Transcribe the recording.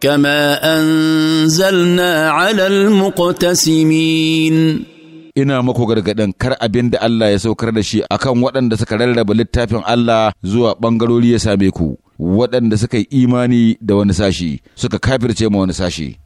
كما أنزلنا على المقتسمين ina muku gargaɗin kar abin da Allah ya saukar da shi akan waɗanda suka rarraba littafin Allah zuwa ɓangarori ya same ku waɗanda suka yi imani da wani sashi suka kafirce ma wani sashi